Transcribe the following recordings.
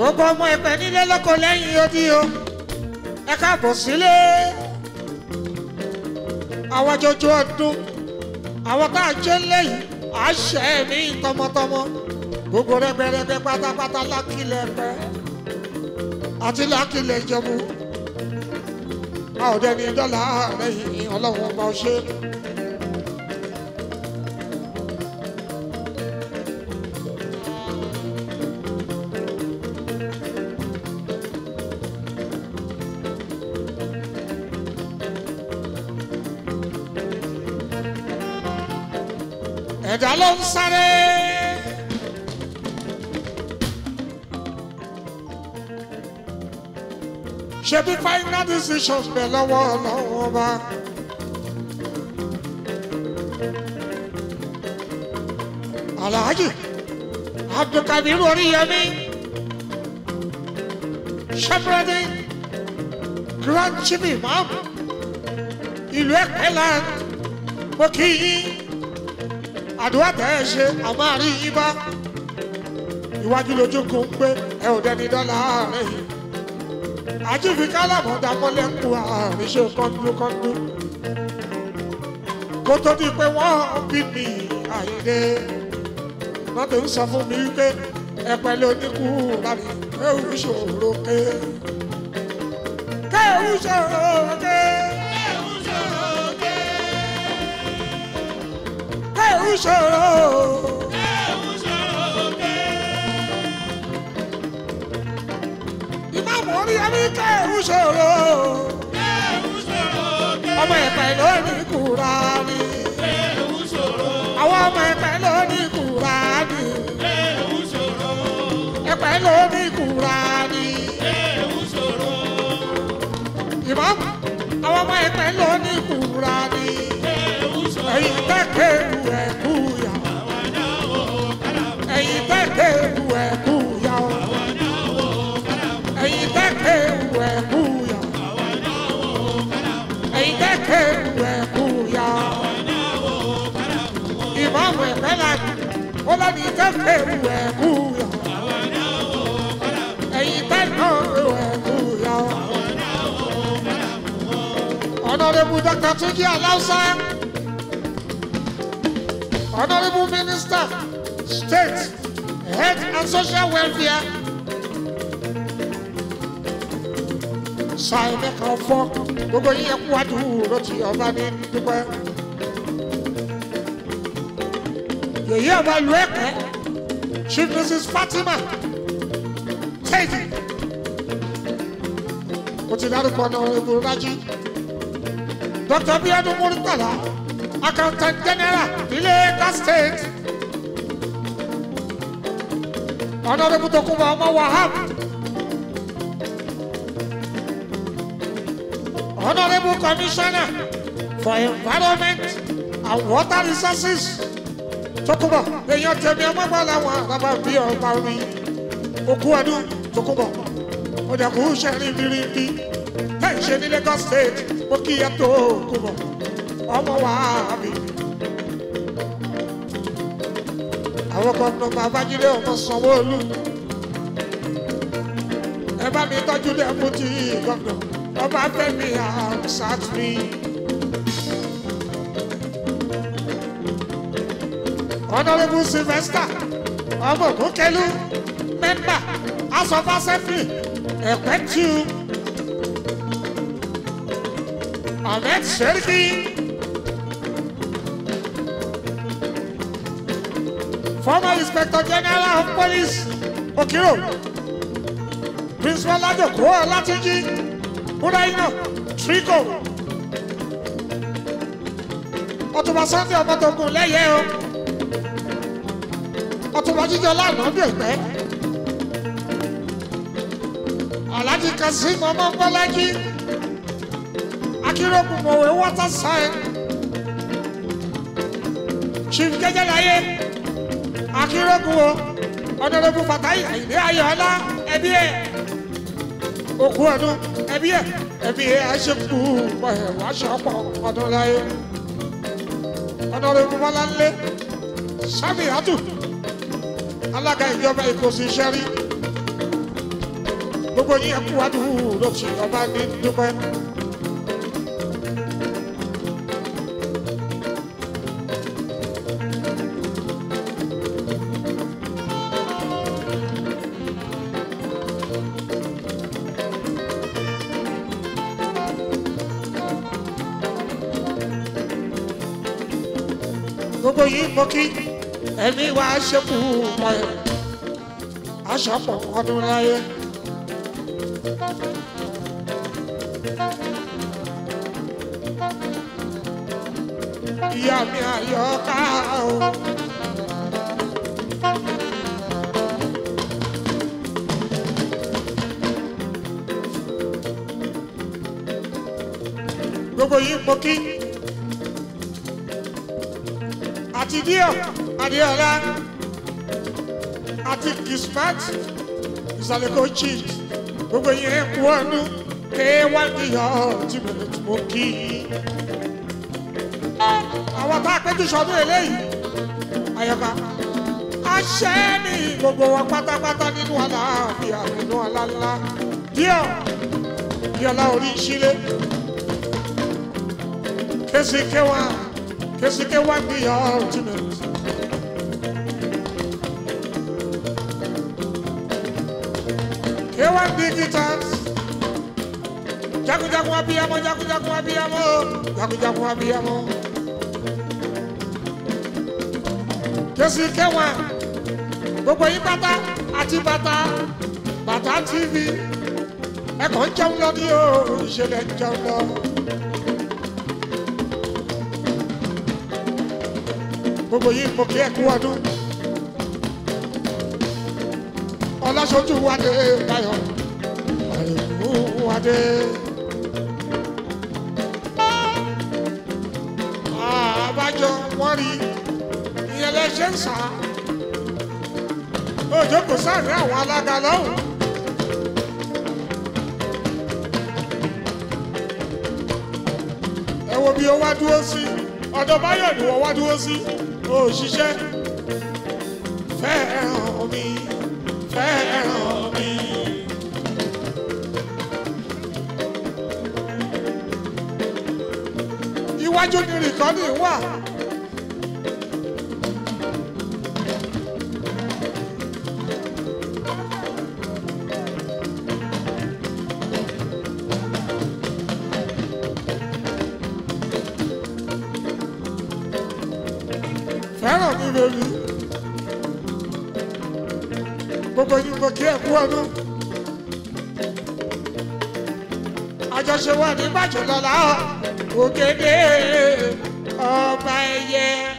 gbogbo ọmọ ẹ̀pẹ́ nílé lóko lẹ́yìn odi o ẹ káàbọ̀ sílé àwọn jọjọ ọdún àwọn tá a jẹ́ lẹ́yìn àṣẹ mi tọmọtọmọ gbogbo rẹpẹrẹpẹ pátápátá lákìlẹ̀ pẹ́ àti lákìlẹ̀ ìjẹ̀bú a ò dẹni dọ́là ààrẹ yìí ọlọ́run ọba ọṣẹ́. àjàjà ló ń sáré. ṣebí final decisions bẹ̀ lọ́wọ́ ọlọ́wọ́ bá. alhaji abdulkabir oríyẹmí shepherding grand chief imam ìlú ẹ̀pẹ́ land mo kì í yín àdúrà tẹ́ ẹ ṣe àmọ́ àárín yín bá iwájú lójú kan pé ẹ ò dẹni dọ́là àárín àjùfi kálàmù dámọ́lẹ̀ ń kú àárín ṣe kọ́ńdúkọ́ńdú kó tó di pé wọ́n bí mi àyíndé wọ́n ti ń sọ fún mi wípé ẹ pẹ̀lú oníkú bàbí ewu ṣòro ké kéwu ṣòro ké. ẹ̀rù ṣòro. ẹ̀rù ṣòro òkè. ìmáàmù oríyọmí ká ẹ̀rù ṣòro. ẹ̀rù ṣòro òkè. ọmọ ẹ̀pẹ̀ lónìí Kùránì. ẹ̀rù ṣòro. àwọn ọmọ ẹ̀pẹ̀ lónìí Kùránì. ẹ̀rù ṣòro. ẹ̀pẹ̀ lónìí Kùránì. ẹ̀rù ṣòro. ìmáàmù àwọn ọmọ ẹ̀pẹ̀ lónìí Kùránì. ẹ̀rù ṣòro. kẹ́kẹ́. ẹni tó kéwù ẹ̀kú yọ. ẹ̀yin tó kéwù ẹ̀kú yọ. ọ̀nàdébù dr Túnjí Aláùsá. ọ̀nàdébù minister state health and social welfare. sáyẹn mẹ́kàn fọ́ gbogbo yíyẹ kú wájú rotí ọba ní dúpẹ́. yèyí ọmọ ìlú ẹ̀kẹ́ chief mrs fatima tẹ́jì mo ti dárúkọ náà ewu rájí dr bíọ́dún múrítàlá accountant general ilé ẹ̀ka state honorable tokunba ọmọ wahab honorable commissioner for environment and water resources. Tókunbọ̀ èèyàn tẹ̀mí ọmọgbà làwọn bàbá bí ọba orin òkú ọdún Tókunbọ̀ ọ̀dàkú sẹ́rin bíríbí ẹ̀ ṣe ní Lagos state mo kí ẹ Tókunbọ̀ ọmọ wa mi. àwọn kan nọ Babájídé ọmọ Sanwó-Olú ẹ bá mi tọ́jú dẹ́kun tí gọ́gàn ọba fẹ́mi àwọn sáà tún yìí. Honourable Sylvester ọmọ ògúnkẹlú mẹ́mbà asọ́fà sẹ́fìlì ẹ̀pẹ́tù ahmed seriki former inspector general of police okiro principal lajoko olatunji buraino trico ọtúnba sunday ọmọ tó kù lẹ́yẹ o ọtúnba jíjọ lánàádùn ẹgbẹ́ alájí kan sí ọmọ bọ́lájí akéròkù mọ̀wé wọ́tá sáyẹn chief jẹjẹláyé akéròkù o ọ̀dọ́dọ́gbù fàtáyì àyìnlé ayọ̀ ọlá ẹbí ẹ̀ òkú ọdún ẹbí ẹ̀ ẹbí ẹ̀ àṣekù pọ̀ẹ̀ wáṣọ ọ̀pọ̀ ọdún láyé ọ̀dọ́dọ́gbù bọ́lá ńlẹ̀ atu alága ìjọba èkó sì ṣẹ́ gbogbo yín ẹkú adúrú ló ṣe ọba ní dúpẹ́. gbogbo yìí mo kí èmi wa ṣekú payọ̀ aṣọ́pọ̀ ọdún láyé. ìyá mi àyọká o. gbogbo yìí mo kí àti díẹ̀. Adéọlá àti Kismat ìsàlẹ̀ kò jí gbogbo yẹn kú ọdún kéwàdìyà tí bẹ̀rẹ̀ tí mo kí i. àwọn tá a péjú sọdún eléyìí àyọkà aṣẹ́ ni gbogbo wa pátápátá nínú àlàáfíà nínú àlàlá díọ̀ díọ̀lá orí ìṣílẹ̀ késìkéwà késìkéwà gbìyànjú mi. Ewan Biggie Times. Jagunjagun abiyamọ, jagunjagun abiyamọ, jagunjagun abiyamọ. Jésù kẹwàá, gbogbo yín bàtà àti bàtà, bàtà TV. Ẹ̀kọ́ ń bata, lọ ní o, ìṣẹ̀lẹ̀ ń jele lọ. Gbogbo yín mo kí ẹ ọlọ́ṣojú wádé dayọ̀ àyìnbó wádé. àbájọ wọ́n rí ìyẹn lẹ́sẹ̀ ń sá òjò kò sáré àwọn alága lọ́hùn. ẹ wo bí o wá dúró sí ọ̀dọ̀ báyọ̀ ni wọ́n wá dúró sí òṣìṣẹ́ fẹ́ràn mi iwájú ni rìkọ́dì wà. gbogbo yín mo kí ẹ kú ọdún. àjọṣe wà ní bàjọ́ lọ́la ògèdè ọba ẹyẹ.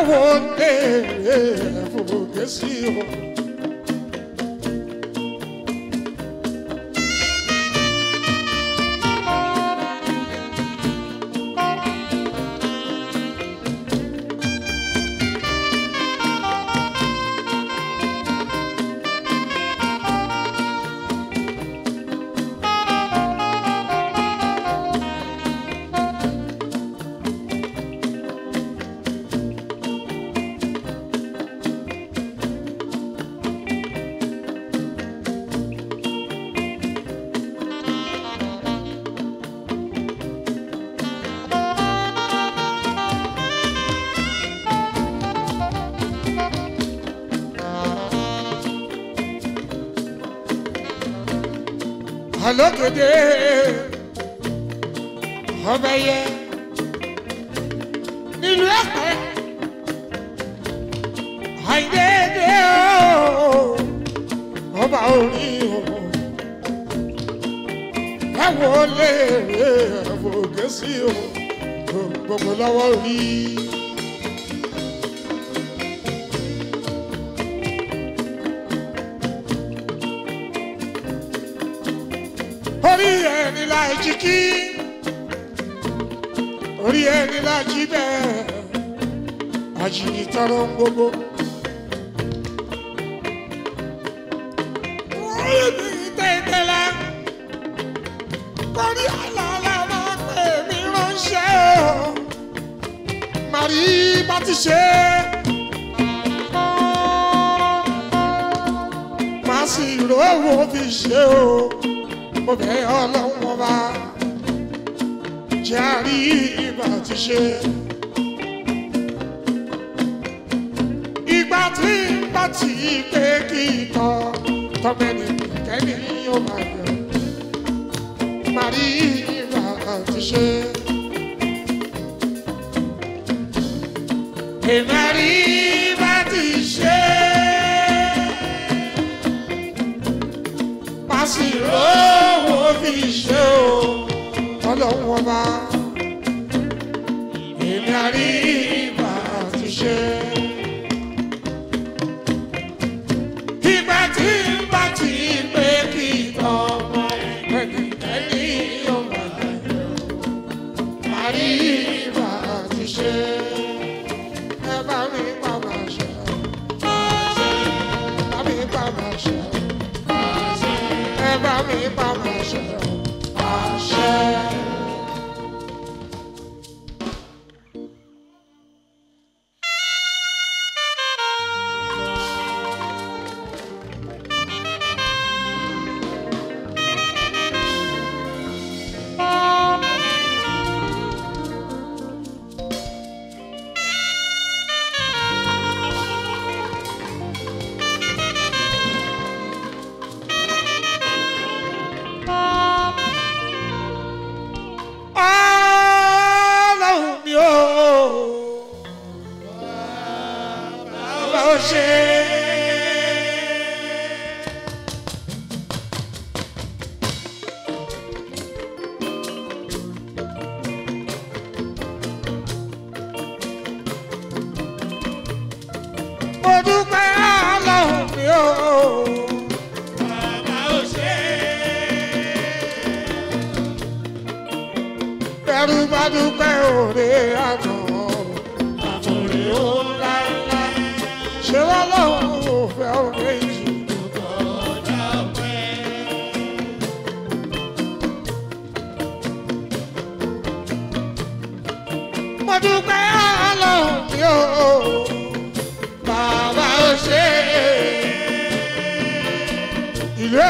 I é o tempo que se ouve. òde ọbẹ̀ yẹ nílùú ẹ̀pẹ́ àìdéédé ọba orí o ẹ wọlé ẹ wọgé sí o gbogbo lọ́wọ́ rí láìjí kí orí ẹni láìjí bẹ́ẹ̀ àjìní tọrọ ń gbogbo. olùbíyí tẹ̀tẹ̀lá torí àlàlà pé mi ránṣẹ́ o màrí bá ti sì rò ó fi ṣe o mo bẹ̀ ọ́ lọ́wọ́. ṣe. ìgbà tí ń bá tì í pé kí n tọ́ tọ́gbẹ́ni kẹ́ni yóò máa yọ. màrí ìgbà àti ṣe. èmàrí bá ti ṣe. pàṣírò wo fi ṣe o ọlọ́run ọba.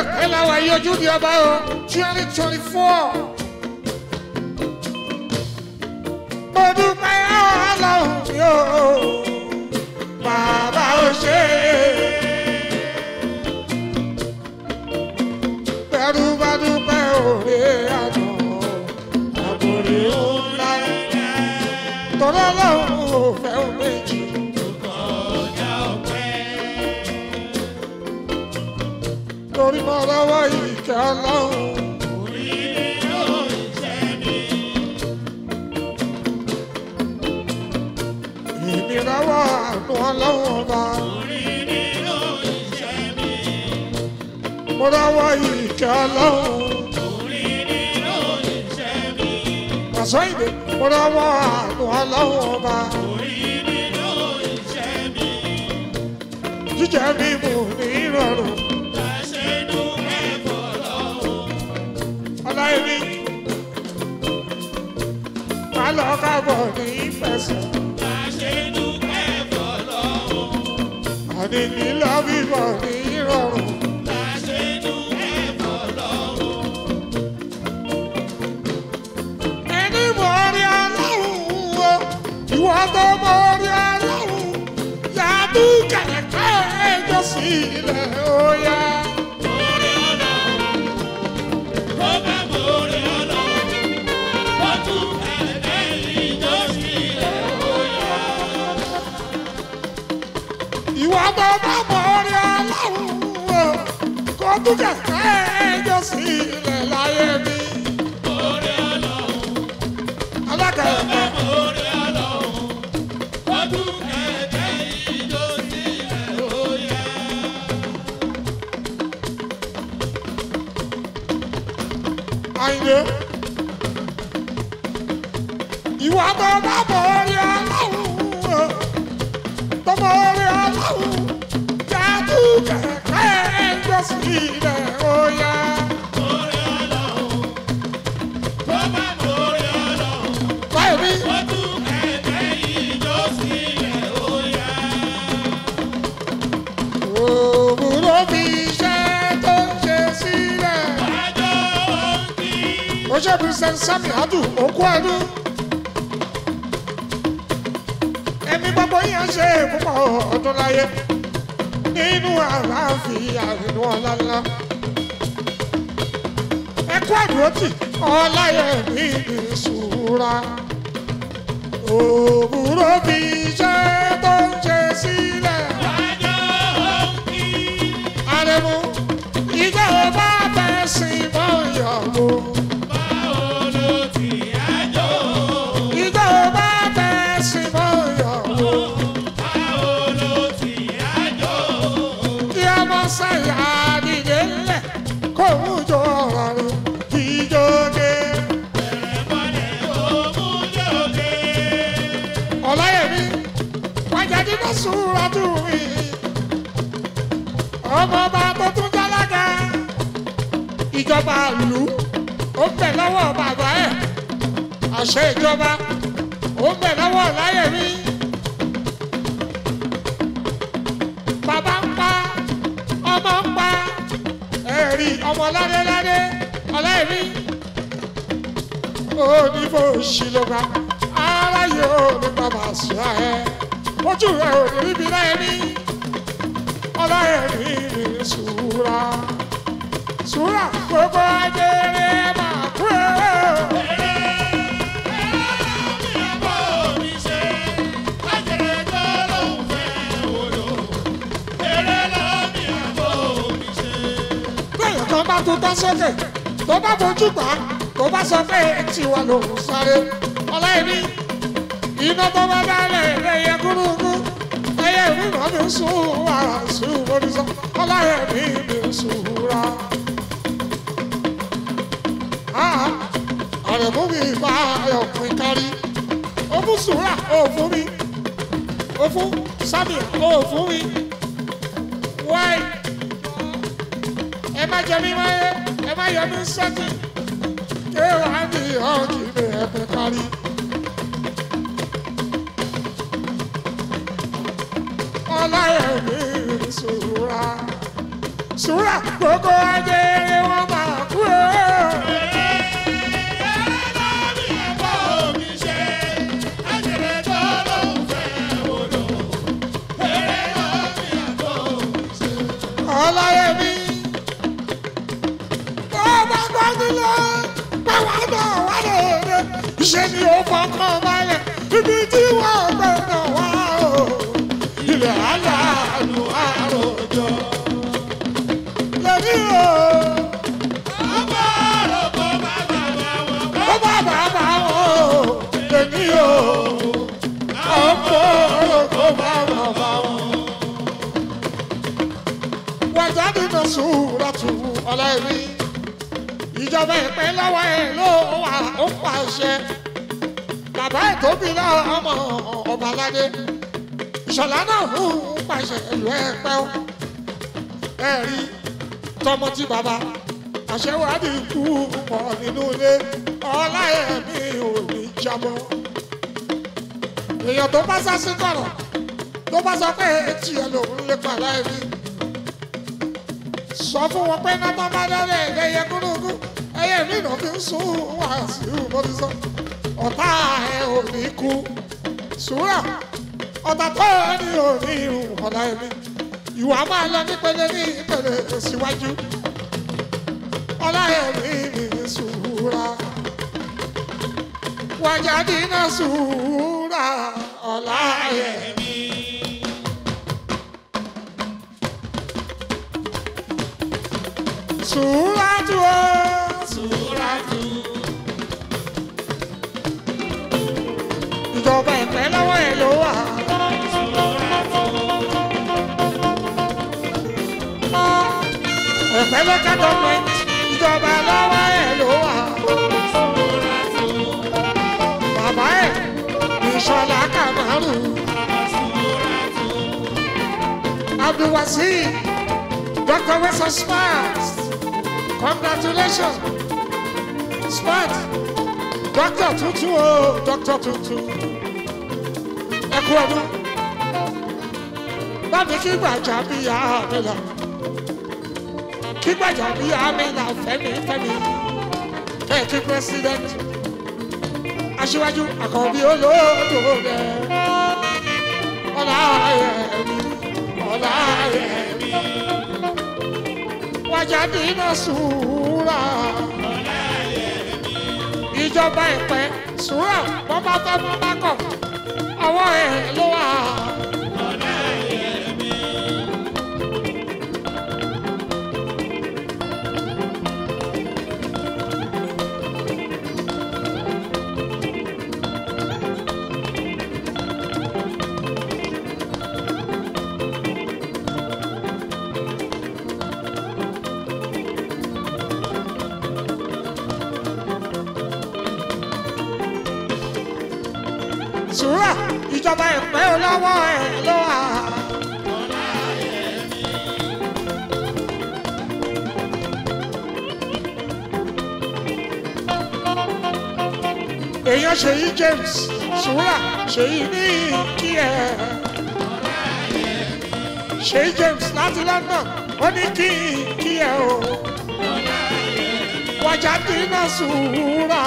ẹ máa wà yí ojú di ọba o twenty twenty four. mo dúpẹ́ ọlọ́run mi ò bàbá ò ṣe é. pẹ̀lú bá dúpẹ́ òde àná àbòrí ńlá. tọ́lọ́lọ́run ò fẹ́ òun. orí máa lọ́wọ́ ìkẹ́ ọlọ́run. orí yóò ṣẹ́ mi. ìnira wà nù ọlọ́run ọba. orí ni yóò ṣẹ́ mi. mo lọ́wọ́ ìkẹ́ ọlọ́run. orí mi yóò ṣẹ́ mi. pàṣẹ ìdè mo lọ́wọ́ nù ọlọ́run ọba. orí mi yóò ṣẹ́ mi. jíjẹ mímu ní ìrọ̀rùn. èmi má lọ kábọ̀ ní ìfẹsẹ̀. má ṣe dúpẹ́ fọlọ́run. àní ní lọ́bìbọ̀ ní ìrọ̀rùn. má ṣe dúpẹ́ fọlọ́run. ẹni mọ̀ rí ọlọ́run wo ọdẹ kábọ̀ orí alárùn o kò tún jẹ́ ká Christian Sammy Adu Okuadu. Ẹ̀mí gbogbo yín á ṣe púpọ̀ ọdún láyé nínú àlàáfíà àrínú ọ̀làlá. Ẹ kú àdúrótì ọláyẹ ní ìṣúra. Òwúrọ̀ bí iṣẹ́ tó ń ṣe sílẹ̀. Wájà ó ń Àrẹ̀mú ìjọba bá bẹ̀ sí i. ìjọba ìlú ó bẹ̀ lọ́wọ́ bàbá ẹ̀ àṣẹ ìjọba ó bẹ̀ lọ́wọ́ láyé mi. bàbá ń pa ọmọ ń pa ẹ̀rí ọmọ ládéládé ọláyé mi. ó ní bó ṣì ló gba aráyé ó ní bàbá sùúrà ẹ ojú rẹ ò ní bíbí láyé mi ọláyé mi ní sùúrà àdúrà gbogbo ajere máa kú o. tó bá tún tán sókè tó bá fojú pa tó bá sọ pé etí wa ló ń sáré ọlọ́ẹ̀mí iná tó bá dálẹ̀ ẹ̀yẹ gúrúgú ẹ̀yẹ mi mọ̀ mi sùn wàrà sùn oníṣọ́ ọlọ́ẹ̀mí mi sùn rà àrẹ̀mú mi ìgbà ọ̀pìn kárí ó fún sùúrà ó fún mi ó fún sami ó fún mi wáì ẹ má jẹ mí wáyé ẹ má yọ mí sẹ́tì kéwàá ní ọ̀jì mi ẹ̀pìn kárí. ọláyẹ̀mí sùúrà sùúrà gbogbo ajé wọn. nílé táwa náà wá lè rè ṣe ni ó fọkàn balẹ̀ ibi tí wọ́n gbọ́dọ̀ wá o ilẹ̀ aláàánú àròjọ. lèmi o. ọba àròkọ bàbá bá ìjọba ìpín lọ́wọ́ ẹ̀ ló wà ó pàṣẹ bàbá ìtòbí náà ọmọ ọ̀bàládé ìṣọ̀lá náà ń pàṣẹ ìlú ẹ̀ pẹ́ ó ẹ̀ rí tọmọ tí bàbá àṣẹwádìí kú pọ̀ nínú ilé ọlá ẹ̀mí ò ní jábọ́ èèyàn tó bá sá sí kọ̀rọ̀ tó bá sọ pé etí ẹ lòun lè pa láìpẹ́ sọ fún wọn pé nọ́tọ́ bá dẹ́rẹ́ ẹ̀dẹ́yẹ kúrúkú ẹyẹ mi lọ fi ń sún Wàsíù mo ti sọ ọ̀tá ẹ ò ní kú sùúrà ọ̀tá tó ẹ ní ò ní irun ọ̀la ẹ̀mí ìwà máa lọ nípele ní ìpele síwájú ọ̀la ẹ̀mí mi sùúrà wàjà dínà sùúrà. ló wà. ọ̀fẹ́ lọ́kà gọ́ọ̀mẹ̀ntì congratulations. Smart, Dr. Tutu, oh, Doctor Tutu kú ọdún. Bá mi kí gbàjà bí ya mi là. Kí gbàjà bí ya mi là fẹ́mi fẹ́mi. Ẹ kí pírẹsidẹ́ntì. Aṣíwájú àkànbí olóòtú rẹ̀. Ọlá Yẹmí, Ọlá Yẹmí. Wájà dínà sùúrà. Ọlá Yẹmí. Ìjọba ìpẹ́ sùúrà bọ́bá fẹ́ bọ́bá kọ̀. 阿伟，罗啊。ìjọba ìpẹ́ olówó ẹ̀ ló wà. èèyàn ṣèyí James sùúrà ṣèyí ní kí ẹ ṣèyí James láti London ó ní kí kí ẹ o wájà dín náà sùúrà.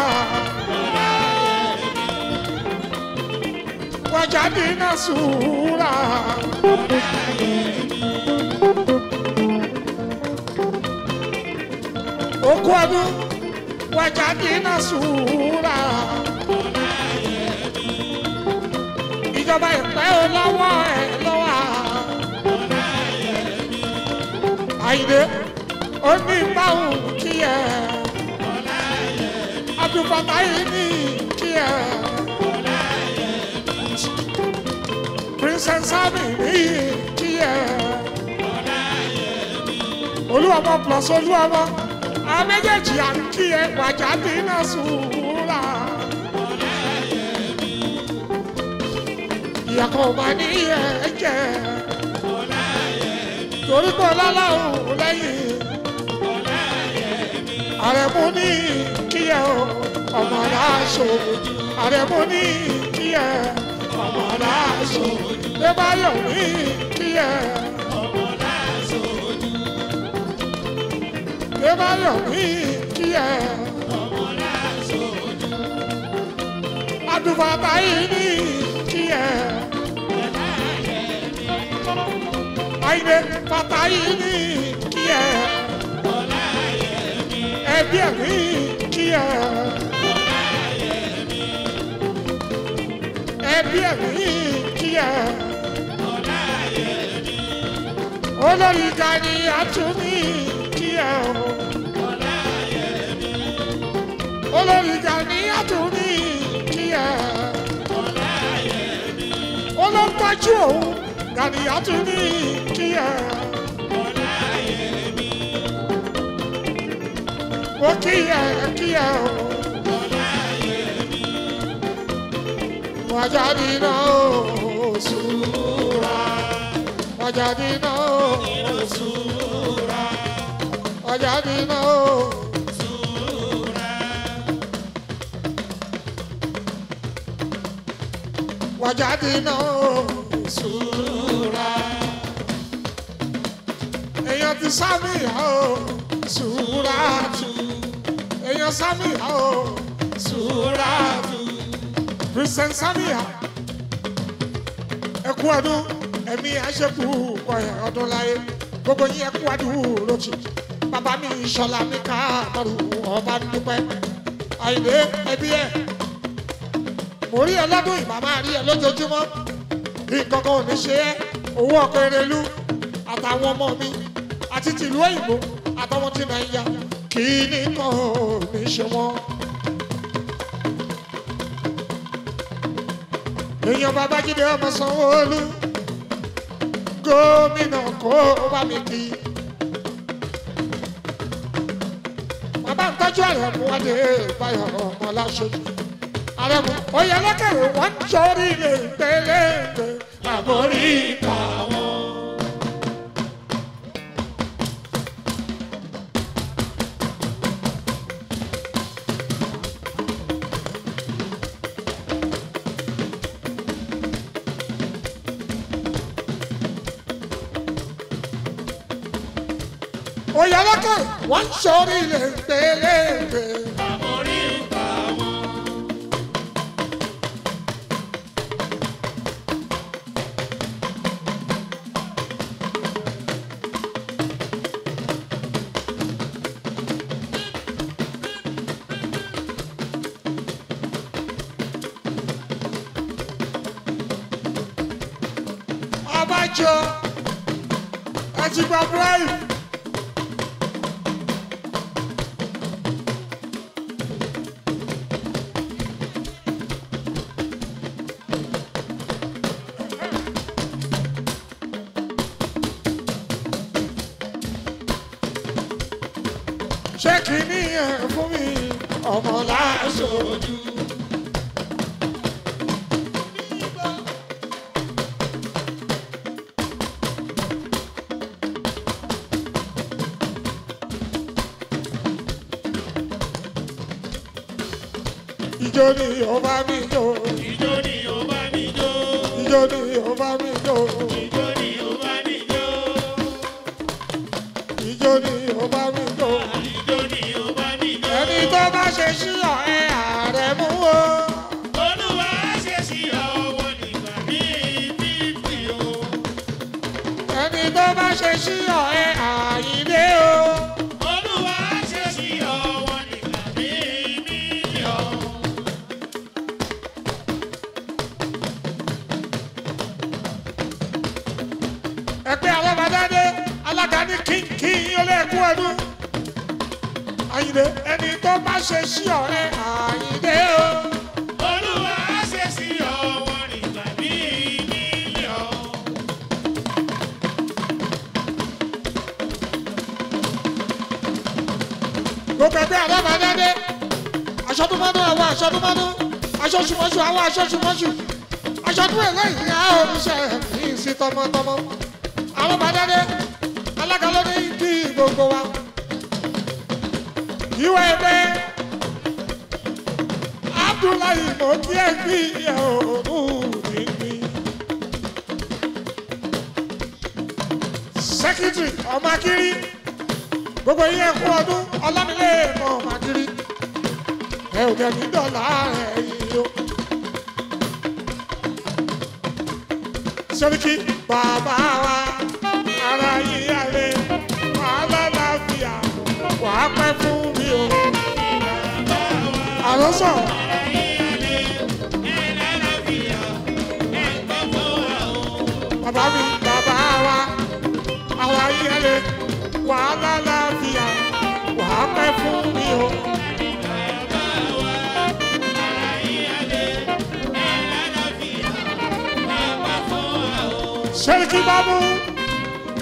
wajadina sura. Ogún ọdún wajadina sura. Ìjọba ìpẹ́ olówó ẹ̀ lọ́wọ́. Àyìnbé ó ní báwùn kí ẹ̀. Abdulfatayi ní. sẹ́ńsámì ní ìkíyẹ. olúwọmọ plus olúwọmọ àméjèèjì à ń kíyẹ wàjà dínà sùúrà. ìyàkọ̀ ọba ní ẹ̀jẹ̀ torí pé ọlọ́lá òun lẹ́yìn àrẹ̀mú ní kíyẹ ọmọ aláṣọ àrẹ̀mú ní kíyẹ ọ̀la sojú. ló bá yọ̀ mí níyẹ̀. ọ̀la sojú. ló bá yọ̀ mí níyẹ̀. ọ̀la sojú. adùnfàtà yìí ní níyẹ̀. ọ̀la yẹ̀ mí. àyìnbé bí ẹ̀mí kíyà. ọ̀la ayé mi. olórí ga ni a tún ní kíyà o. ọ̀la ayé mi. olórí ga ni a tún ní kíyà. ọ̀la ayé mi. olóńgbájú òun ga ni a tún ní kíyà. ọ̀la ayé mi. ó kíyà kíyà o. Ajadina Osura Ajadina sura, Ajadina Osura Ajadina Osura Èèyàn ti sámi àó Sùúrà tù Èèyàn sámi àó Sùúrà tù. Christian Sabia ẹkú ọdún ẹ̀mí àṣekù kọyà ọdún láyé gbogbo yín ẹkú ọdún lójì bàbá mi ìṣọlá mi ká àbọ̀rù ọba ń dúpẹ́ àìlè ẹbí ẹ̀ mo rí ẹ lọ́dún ìmàmá rí ẹ lójoojúmọ́ ìkọ̀kọ̀ ò ní ṣe ẹ́ owó ọkọ̀ erelu àtàwọn ọmọ mi àti tìlú òyìnbó èèyàn babájídé ọmọ sanwóolu gómìnà kó wá mi kí. bàbá ń tọ́jú àrẹ̀mú wádé báyọ̀ ọmọ láṣojú. àrẹ̀mú oyè lọ́kẹ̀rẹ̀ wọ́n ń jọ orí ilé ìgbélé ìgbé àmórí ìkàwé. wọ́n sọrí lẹ́ńpẹ́lẹ́ńpẹ́. àmọ́rí ń pa wọn. abájọ àti bàbá ibrahim. ó bá mi jó. Ijó ni ó bá mi jó. Ijó ni ó bá mi jó. Ijó ni ó mi jó. Ẹni tó bá ṣe ṣíyàn ẹ ààrẹ mú o. Olúwa ṣe ṣíyàn owó nígbà bíi fífi o. Ẹni tó bá ṣe ṣíyàn. tó bá ṣe sí ọ̀rẹ́ àyíndé o. olúwa ṣe sí ọwọ́ nígbà ní mílíọ̀. gbogbo ẹgbẹ́ àbábàdádé aṣọ tó mọ́nú àwọn aṣọ tó mọ́nú aṣọ ṣùmọ́ṣù àwọn aṣọ ṣùmọ́ṣù aṣọ tó ẹ̀rọ ìyá oníṣẹ́ yìí sí tọmọtọmọ àwọn bàdádé alága ló ní kí gbogbo wa ìwé ẹgbẹ́ Abdullahi mo ti ẹ̀ fi òògùn mi mi. sẹ́kítì ọmọ akiri gbogbo yín ẹ kú ọdún ọlámilé mọ ọmọ akiri ẹ ò bẹ̀rù dọ̀là ẹ̀ yìí o. bàbá wa. sọ. bàbá mi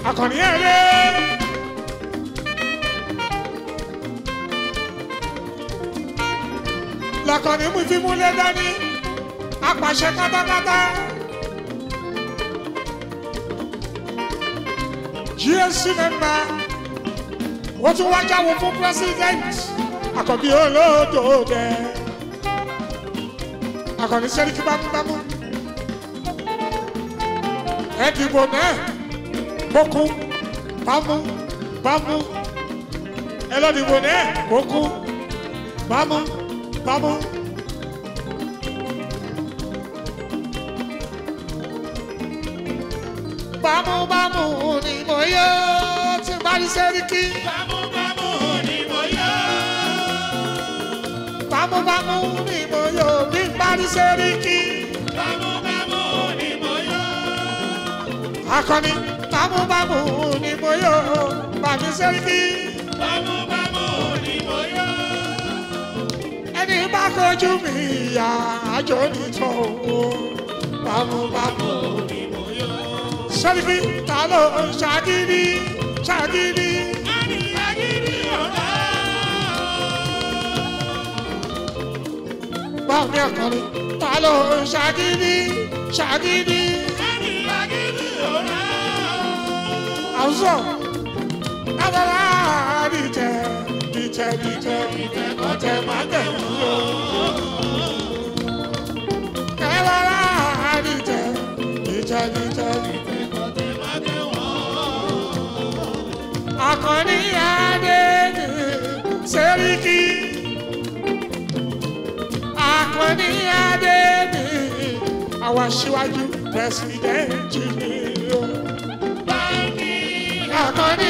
akọni ẹ̀rẹ́. làkànní mú fi múlẹ̀ dání apàṣẹ kátákátá. GSC mẹ́mbà ó tún wá jáwó fún president àkànbí olóòtú dẹ àkànní sẹ́ríkì bámúbámú ẹ dìbò náà bókú bámú bámú ẹ lọ dìbò náà bókú bámú pamọ́. bámúbámú ni mo yó tí n bá rí sẹ́ríkì. bámúbámú ni mo yó. bámúbámú ni mo yó bí n bá rí sẹ́ríkì. bámúbámú ni mo yó. akọni bámúbámú ni mo yó bá mi sẹ́ríkì. bámúbámú ni mo yó ẹni bá kojú mi ìyá àjọ nìtọ́ o bámúbámú ni mo yọ. sẹ́lifí ta ló ń ṣàgídí ṣàgídí. ẹni ṣàgídí ọ̀la. báwo ni àkàrí ta ló ń ṣàgídí ṣàgídí. ẹni ṣàgídí ọ̀la. àwùjọ. jẹ̀bi jẹ̀bi ọ̀tẹ̀ máa tẹ̀wọ̀n o. ẹ rọra àríjẹ ìjẹ̀bi jẹ̀bi ọ̀tẹ̀ máa tẹ̀wọ̀n o. àkànní adé ni sẹ́ríkì àkànní adé ni àwọn aṣíwájú pẹ̀sìdẹ̀ntì ni o. àkànní.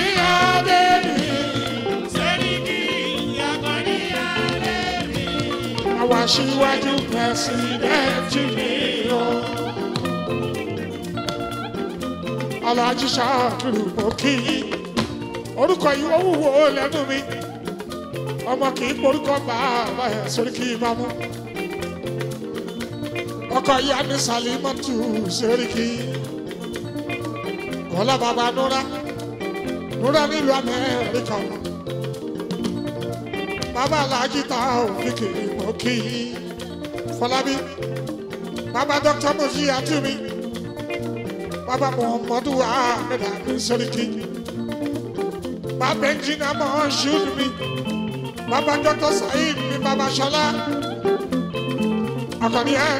aṣíwájú pẹ̀sìdẹ́ǹtì mi o. Alhaji Sakiru Òkì orúkọ yìí ó wúwo lẹ́nu mi ọmọ kì í porúkọ bàbá ẹ̀ sórí kì í bá mọ́ ọkọ yìí á ní Salimatu sórí kì í kọ́lá bàbá Nura Nura nílùú Amẹ́ríkà. Baba aláàjì o a ò fi kiri mọ́ kí fọlábí bàbá dókítà mọ̀sí àtúmí bàbá muhammadu ahmed abisoriki bàbá ẹnjìnà mọ̀ọ́n ṣùdù mi Baba doctor saheed mi Baba ṣọlá akọni ẹ.